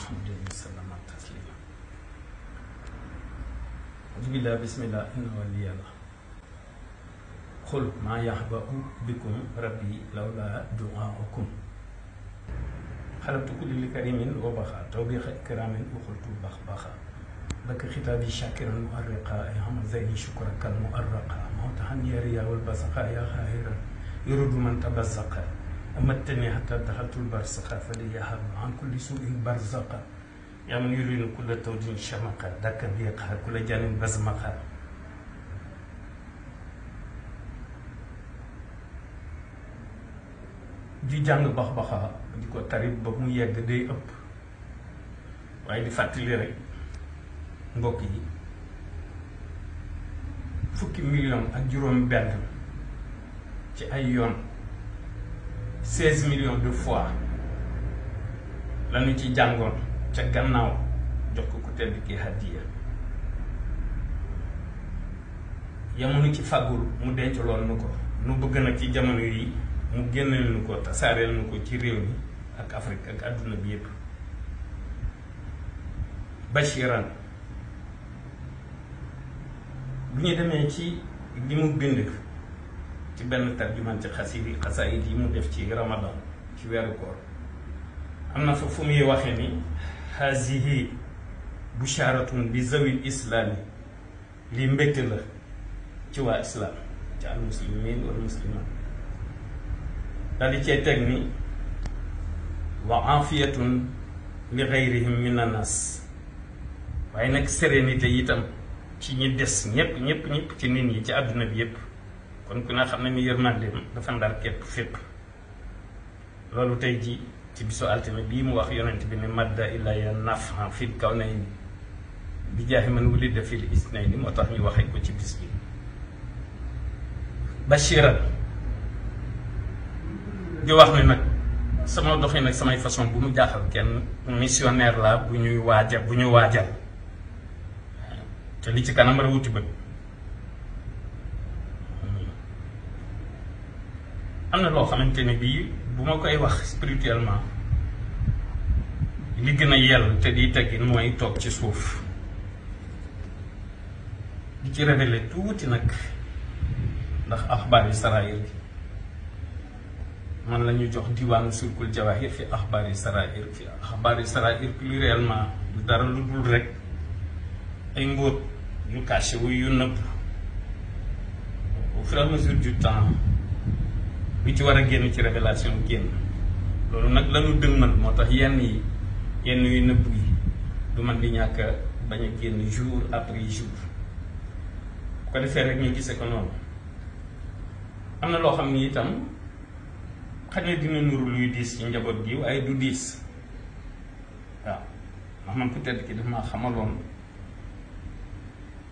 وحمده وسلم تسليما أعوذ بالله بسم الله إن ولي الله قل ما يحبأ بكم ربي لولا دعاؤكم خلقت كل كريم وبخا توبيخ إكرام وقلت بخ بخا لك خطابي شاكرا مؤرقا هم زيني شكرك المؤرقا موت هنيا ريا والبسقا يا خاهرا يرد من تبسقا أمتني حتى دخلت البرزخ فليهب عن كل سوء برزقا يا من يريد كل توجيه شمقا ذاك بيقهر كل جانب بزمقا di jàng bax baxa di ko tarib ba mu yegg day ëpp waaye di fàttali rek mbokk yi fukki million ak juróom benn ci ay yoon seize millions de fois lañu ci jàngoon ca gannaaw jox ko ku tedd ki hadiya yamuñu ci fàggul mu dencaloon nu ko nu bëgg nag ci jamono yi mu génneel nu ko tasaareel nu ko ci réew mi ak Afrique ak àdduna bi yépp Bachiran bu ñu demee ci li mu bind ci benn tarjuman ci xasidi xasaayid yi mu def ci ramadan ci weeru koor am na fa fu muy waxee ni hazihi busharatun li zawil islaami li mbégte la ci waa islaam ci al muslimin wal muslimat daal cee teg ni wa afiyatun li gayrihim min annas waaye nag sérénité itam ci ñi des ñépp ñépp ñépp ci nit ñi ci àdduna bi yépp kon ku ne xam ne ni yërmandeem dafa ndar képp fépp loolu tey ji ci bisu altime bii mu wax yonent bi ne illa ilaya nafan fil kaw nay ni bi jaaxi man wulida fil isnay ni moo tax ñu waxee ko ci bis bi bashiran di wax ne nag sama doxin nag samay façon bu mu jaaxal kenn missionnaire la bu ñuy waaja bu ñu waajal te li ci kanam rawuti bët am na loo xamante ne bii bu ma koy wax spirituellement li gën a yell te di teggin mooy toog ci suuf di ci révélé tuuti nag ndax axbaar yi man la ñu jox diwaanu surkul jawahir fi axbaar yi fi axbaar yi saraayir pluriellement du dara lu dul rek ay ngóot yu caché wu yu nëbb au fur et temps lu ci war a génn ci révélation génn loolu nag lanu dëgmal moo tax yenn yi yenn yu nëbb yi du man di ñàkk bañ a génn jour après jour bu ko defee rek ñu gisee ko noonu am na loo xam ni itam xaj na dina nuru luy diis ci njaboot gi waaye du diis waaw ma man peut-être ki daf maa xamaloon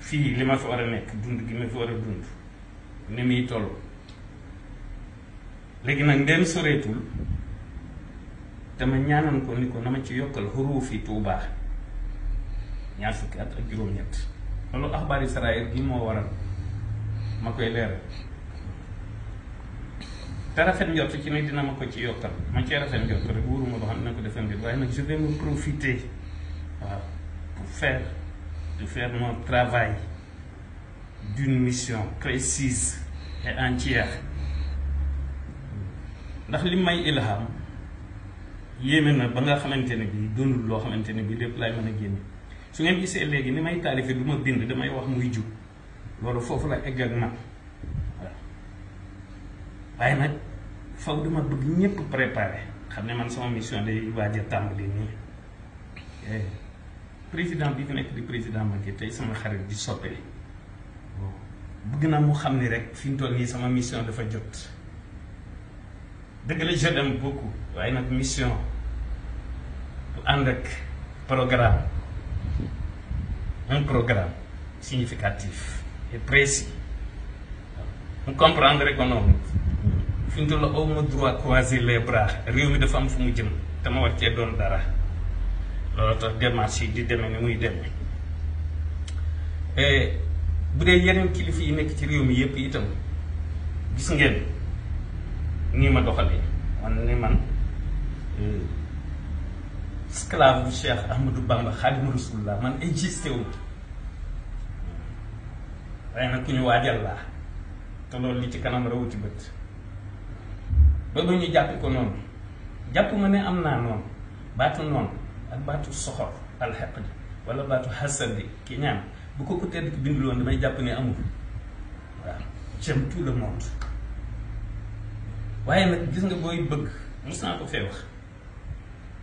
fii li ma fi war a nekk dund gi ma fi war a dund ni muy toll léegi nag ndem soreetul dama ñaanoon ko ni ko na ma ci yokkal xuruuf yi tuubaa ñaar fukki at ak juróom-ñett loolu axbaari saraayir gi moo waral ma koy leer te rafet njort ci ne dina ma ko ci yokkal ma ci rafet njort rek wóoruma ba xam dina ko defam bi waaye nag je vais me profiter waaw pour faire de faire mon travail d'une mission précise et entière ndax li may ilham yéeme na ba nga xamante ne bii doonul loo xamante ne bii lépp laay mën a génne su ngeen gisee léegi ni may taalife du ma bind damay wax muy jub loolu foofu la egg ak nag waaw waaye nag faw dama bëgg ñëpp préparé xam ne man sama mission day waaj a tàmbali nii eh, président bi fi nekk di président Macky tey sama xarit di soppe bëgg naa mu xam ni rek fi mu toll nii sama mission dafa jot dëgg la je l'aime beaucoup nag mission bu ànd ak programme un programme significatif et précis mu comprendre économique fi mu droit croiser les bras réew mi dafa am fu mu jëm te ma doon dara loolu tax démarche yi di demee ni muy demee bu dee yeneen kilifa yi nekk ci réew mi yépp itam ngeen. nii ma doxalee man ne man euh, esclave bu Cheikh Ahmadou Bamba Xaadimu Rasulullah man existé wu waaye nag ku ñu waajal laa te loolu li ci kanam rawuti bët ba ba jàpp ko noonu jàpp ma ne am naa noonu baatu noonu ak baatu soxor alxeq ji wala baatu xasad bi ki ñaan bu ko ko tedd ki binduloon damay jàpp ne amul waaw j'aime tout le monde waaye nag gis nga booy bëgg mos naa ko fee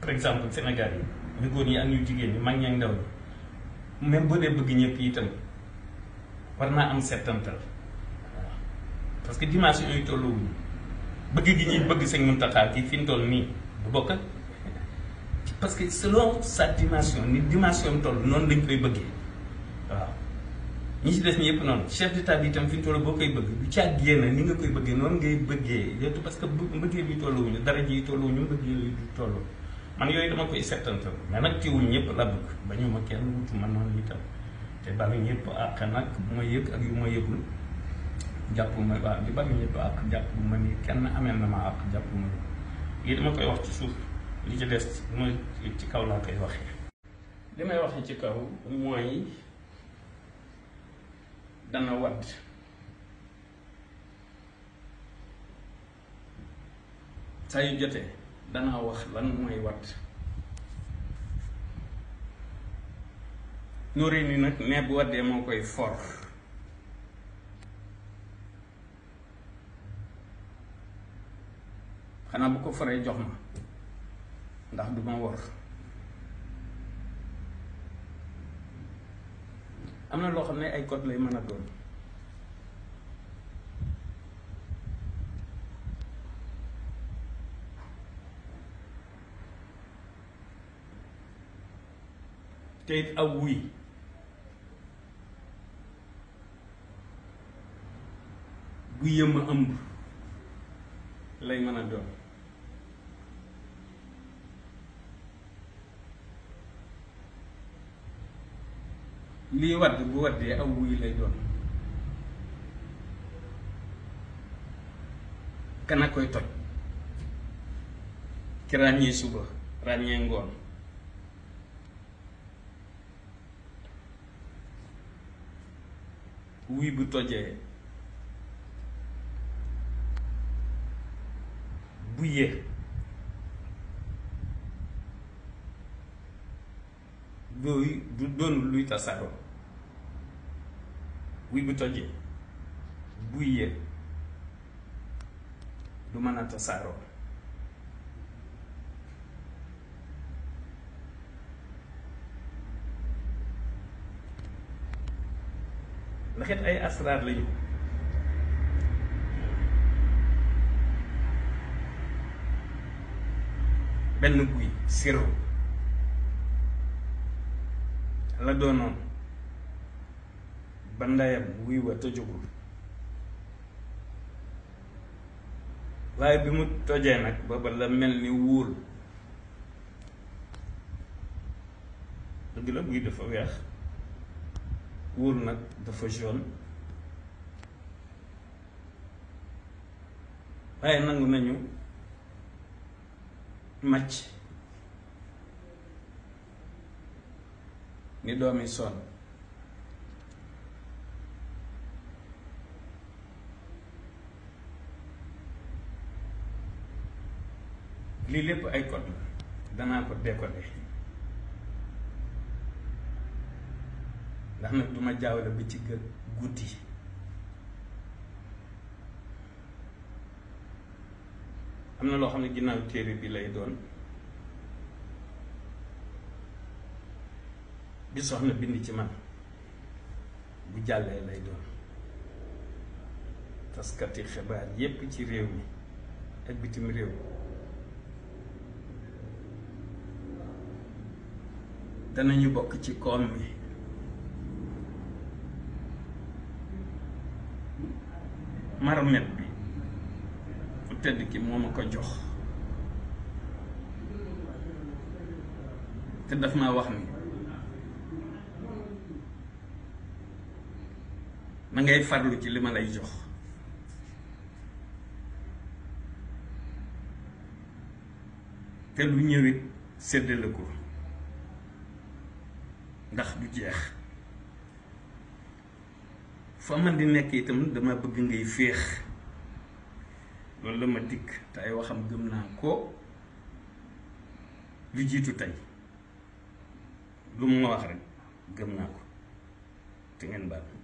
par exemple Sénégal yi ñu góor ñi ak ñu jigéen ñi mag ñi ak ndaw ñi même boo dee bëgg ñëpp itam war naa am settantal waaw parce que dimension yooyu tolluwuñu bëgg gi ñuy bëgg sëñ Muntaxa kii fi mu toll nii du bokk parce que selon sa dimension ni dimension toll noonu lañ koy bëggee. ñi si des ñi yëpp noonu chef d'état bi itam fi ñu toll boo koy bëgg du caa génn ni nga koy bëggee noonu ngay bëggee yottu parce que mbëggeel bi tolluwuñu dara ji tolluwuñu mbëggeel yi tollu man yooyu dama koy settantal mais nag ñëpp la bëgg ma kenn wutu man noonu itam te balu ñëpp àq nag bu ma yëg ak yu ma yëgul jàpp ma waaw di balu ñëpp àq jàpp ma ni kenn ameel na ma ak jàpp ma lii dama koy wax ci suuf li ci des mooy ci kaw laa koy waxee li may waxee ci kaw mooy dana wadd saa yu jotee danaa wax lan mooy wadd nóoree ni nag ne bu waddee moo koy for xanaa bu ko foree jox ma ndax du ma wor am na loo xam ne ay kot lay mën a doon te it aw wuy bu yëm ëmb lay mën a doon lii wadd bu waddee aw wuy lay doon kana koy toj ki ràññee suba ràññee ngoon wuy bu tojee bu yee dooyu luy tasaaroo buy bu tojee buy du mën a tasaaroo ndax ay asraar lañu benn guy sirru la doonoon ba ndeyam buy wër waaye bi mu tojee nag booba la mel ni wóol dëgg la buy dafa weex wóol nag dafa jaune waaye nangu nañu màcc ni doomi sonn lii lépp ay code danaa ko décoder ndax nag duma jaawale bi ci kër guddi am na loo xam ne ginnaaw téere bi lay doon bi soxna bind ci man bu jàllee lay doon taskati xibaar yépp ci réew mi ak bitim réew danañu bokk ci koom mi marmet bi ku tëdd ki moo ma ko jox te daf ma wax ni na ngay farlu ci li ma lay jox te lu ñëwit séddale ko ndax du jeex fa man di nekk itam dama bëgg ngay féex loolu la dikk te ay waxam gëm naa ko lu jiitu tey lu mu ma wax rek gëm naa ko te ngeen baal